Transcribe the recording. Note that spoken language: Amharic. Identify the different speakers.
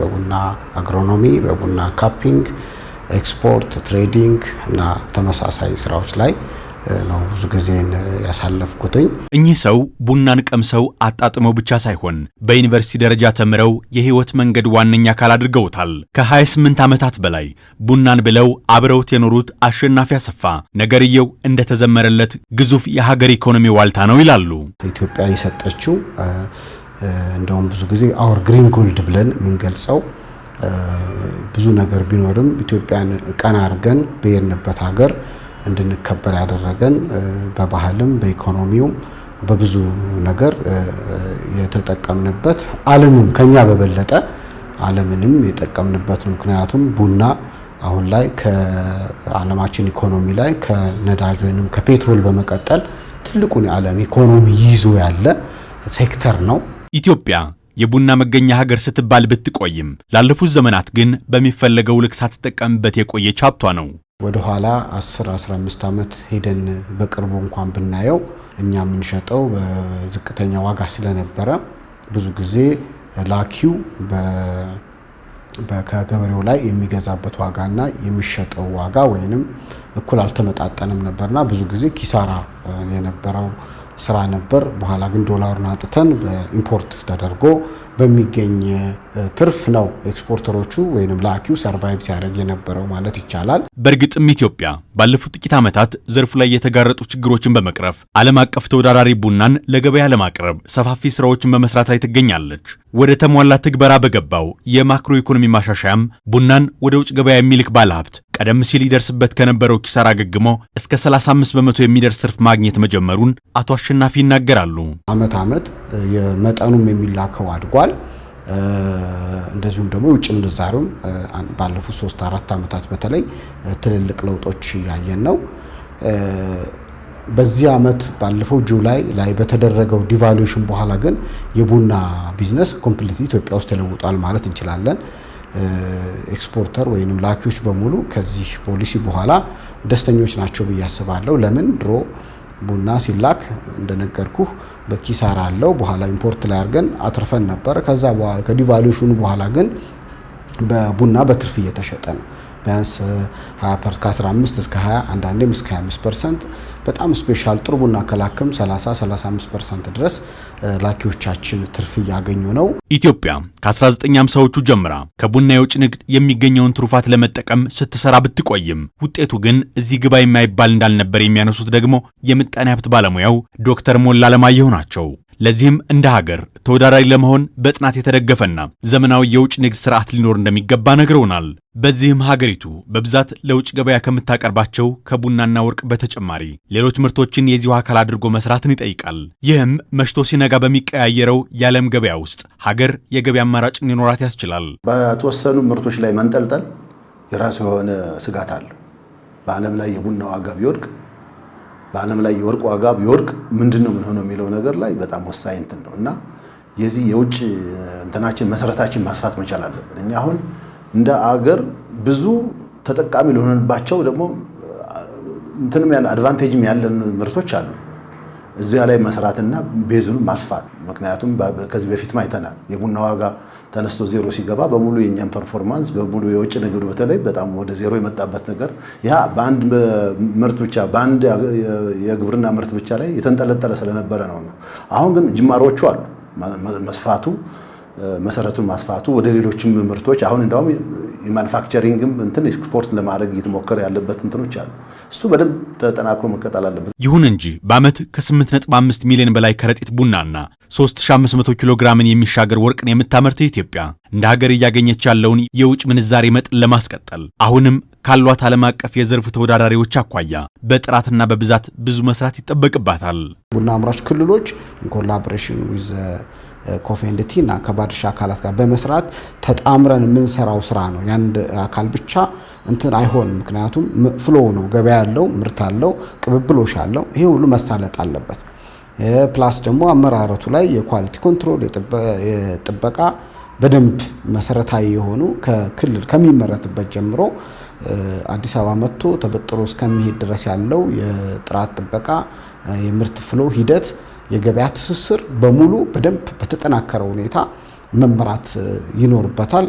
Speaker 1: በቡና አግሮኖሚ፣ በቡና ካፒንግ፣ ኤክስፖርት፣ ትሬዲንግ እና ተመሳሳይ ስራዎች ላይ ነው ብዙ ጊዜን ያሳለፍኩትኝ።
Speaker 2: እኚህ ሰው ቡናን ቀምሰው አጣጥመው ብቻ ሳይሆን በዩኒቨርሲቲ ደረጃ ተምረው የህይወት መንገድ ዋነኛ አካል አድርገውታል። ከ28 ዓመታት በላይ ቡናን ብለው አብረውት የኖሩት አሸናፊ አሰፋ ነገርየው እንደተዘመረለት ግዙፍ የሀገር ኢኮኖሚ ዋልታ ነው ይላሉ።
Speaker 1: ኢትዮጵያ የሰጠችው እንደውም ብዙ ጊዜ አወር ግሪን ጎልድ ብለን የምንገልጸው ብዙ ነገር ቢኖርም ኢትዮጵያን ቀና አድርገን በየንበት ሀገር እንድንከበር ያደረገን በባህልም በኢኮኖሚውም በብዙ ነገር የተጠቀምንበት ዓለምም ከኛ በበለጠ ዓለምንም የጠቀምንበት ነው። ምክንያቱም ቡና አሁን ላይ ከዓለማችን ኢኮኖሚ ላይ ከነዳጅ ወይም ከፔትሮል በመቀጠል ትልቁን የዓለም ኢኮኖሚ ይዞ ያለ ሴክተር ነው።
Speaker 2: ኢትዮጵያ የቡና መገኛ ሀገር ስትባል ብትቆይም ላለፉት ዘመናት ግን በሚፈለገው ልክ ሳትጠቀምበት የቆየች ሀብቷ ነው።
Speaker 1: ወደ ኋላ 10 15 ዓመት ሄደን በቅርቡ እንኳን ብናየው እኛ የምንሸጠው በዝቅተኛ ዋጋ ስለነበረ ብዙ ጊዜ ላኪው ከገበሬው ላይ የሚገዛበት ዋጋና የሚሸጠው ዋጋ ወይንም እኩል አልተመጣጠንም ነበርና ብዙ ጊዜ ኪሳራ የነበረው ስራ ነበር። በኋላ ግን ዶላሩን አጥተን በኢምፖርት ተደርጎ በሚገኝ ትርፍ ነው ኤክስፖርተሮቹ ወይም ላኪው ሰርቫይቭ ሲያደርግ የነበረው ማለት ይቻላል።
Speaker 2: በእርግጥም ኢትዮጵያ ባለፉት ጥቂት ዓመታት ዘርፉ ላይ የተጋረጡ ችግሮችን በመቅረፍ ዓለም አቀፍ ተወዳዳሪ ቡናን ለገበያ ለማቅረብ ሰፋፊ ስራዎችን በመስራት ላይ ትገኛለች። ወደ ተሟላ ትግበራ በገባው የማክሮ ኢኮኖሚ ማሻሻያም ቡናን ወደ ውጭ ገበያ የሚልክ ባለሀብት ቀደም ሲል ይደርስበት ከነበረው ኪሳራ አገግሞ እስከ 35 በመቶ የሚደርስ ትርፍ ማግኘት መጀመሩን አቶ አሸናፊ ይናገራሉ።
Speaker 1: አመት አመት የመጠኑም የሚላከው አድጓል። እንደዚሁም ደግሞ ውጭ ምንዛሪውም ባለፉት ሶስት አራት ዓመታት በተለይ ትልልቅ ለውጦች እያየን ነው። በዚህ ዓመት ባለፈው ጁላይ ላይ በተደረገው ዲቫሉዌሽን በኋላ ግን የቡና ቢዝነስ ኮምፕሊት ኢትዮጵያ ውስጥ ተለውጧል ማለት እንችላለን። ኤክስፖርተር ወይም ላኪዎች በሙሉ ከዚህ ፖሊሲ በኋላ ደስተኞች ናቸው ብዬ አስባለሁ። ለምን ድሮ ቡና ሲላክ እንደነገርኩህ በኪሳራ አለው። በኋላ ኢምፖርት ላይ አድርገን አትርፈን ነበር። ከዛ በኋላ ከዲቫሉዌሽኑ በኋላ ግን በቡና በትርፍ እየተሸጠ ነው። ቢያንስ 20 ከ15 እስከ 20 አንዳንዴም እስከ 25 ፐርሰንት በጣም ስፔሻል ጥሩ ቡና ከላክም 30 35 ፐርሰንት ድረስ ላኪዎቻችን ትርፍ እያገኙ ነው።
Speaker 2: ኢትዮጵያ ከ1950ዎቹ ጀምራ ከቡና የውጭ ንግድ የሚገኘውን ትሩፋት ለመጠቀም ስትሰራ ብትቆይም ውጤቱ ግን እዚህ ግባ የማይባል እንዳልነበር የሚያነሱት ደግሞ የምጣኔ ሀብት ባለሙያው ዶክተር ሞላ አለማየሁ ናቸው። ለዚህም እንደ ሀገር ተወዳዳሪ ለመሆን በጥናት የተደገፈና ዘመናዊ የውጭ ንግድ ስርዓት ሊኖር እንደሚገባ ነግረውናል። በዚህም ሀገሪቱ በብዛት ለውጭ ገበያ ከምታቀርባቸው ከቡናና ወርቅ በተጨማሪ ሌሎች ምርቶችን የዚሁ አካል አድርጎ መስራትን ይጠይቃል። ይህም መሽቶ ሲነጋ በሚቀያየረው የዓለም ገበያ ውስጥ ሀገር የገበያ አማራጭ እንዲኖራት ያስችላል።
Speaker 1: በተወሰኑ ምርቶች ላይ መንጠልጠል የራሱ የሆነ ስጋት አለ። በዓለም ላይ የቡና ዋጋ ቢወድቅ በዓለም ላይ የወርቅ ዋጋ ቢወርቅ ምንድን ነው ምን የሚለው ነገር ላይ በጣም ወሳኝ እንትን ነው እና የዚህ የውጭ እንትናችን መሰረታችን ማስፋት መቻል አለብን። እኛ አሁን እንደ አገር ብዙ ተጠቃሚ ልሆንባቸው ደግሞ እንትንም ያለ አድቫንቴጅም ያለን ምርቶች አሉ። እዚያ ላይ መስራትና ቤዝኑ ማስፋት። ምክንያቱም ከዚህ በፊት አይተናል። የቡና ዋጋ ተነስቶ ዜሮ ሲገባ በሙሉ የእኛን ፐርፎርማንስ በሙሉ የውጭ ንግዱ በተለይ በጣም ወደ ዜሮ የመጣበት ነገር ያ በአንድ ምርት ብቻ በአንድ የግብርና ምርት ብቻ ላይ የተንጠለጠለ ስለነበረ ነው። አሁን ግን ጅማሮቹ አሉ መስፋቱ መሰረቱን ማስፋቱ ወደ ሌሎችም ምርቶች አሁን እንዳውም የማኑፋክቸሪንግም እንትን ኤክስፖርት ለማድረግ እየተሞከረ ያለበት እንትኖች አሉ። እሱ በደንብ ተጠናክሮ መቀጠል አለበት።
Speaker 2: ይሁን እንጂ በዓመት ከ8.5 ሚሊዮን በላይ ከረጢት ቡናና 3500 ኪሎ ግራምን የሚሻገር ወርቅን የምታመርተው ኢትዮጵያ እንደ ሀገር እያገኘች ያለውን የውጭ ምንዛሬ መጠን ለማስቀጠል አሁንም ካሏት ዓለም አቀፍ የዘርፉ ተወዳዳሪዎች አኳያ በጥራትና በብዛት ብዙ መስራት ይጠበቅባታል።
Speaker 1: ቡና አምራች ክልሎች ኮላቦሬሽን ዊዝ ኮፌንድቲ እና ከባድሻ አካላት ጋር በመስራት ተጣምረን የምንሰራው ስራ ነው። የአንድ አካል ብቻ እንትን አይሆንም። ምክንያቱም ፍሎው ነው፣ ገበያ ያለው ምርት አለው፣ ቅብብሎሽ አለው። ይሄ ሁሉ መሳለጥ አለበት። ፕላስ ደግሞ አመራረቱ ላይ የኳሊቲ ኮንትሮል የጥበቃ በደንብ መሰረታዊ የሆኑ ከክልል ከሚመረትበት ጀምሮ አዲስ አበባ መጥቶ ተበጥሮ እስከሚሄድ ድረስ ያለው የጥራት ጥበቃ፣ የምርት ፍሎ ሂደት፣ የገበያ ትስስር በሙሉ በደንብ በተጠናከረ ሁኔታ መመራት ይኖርበታል።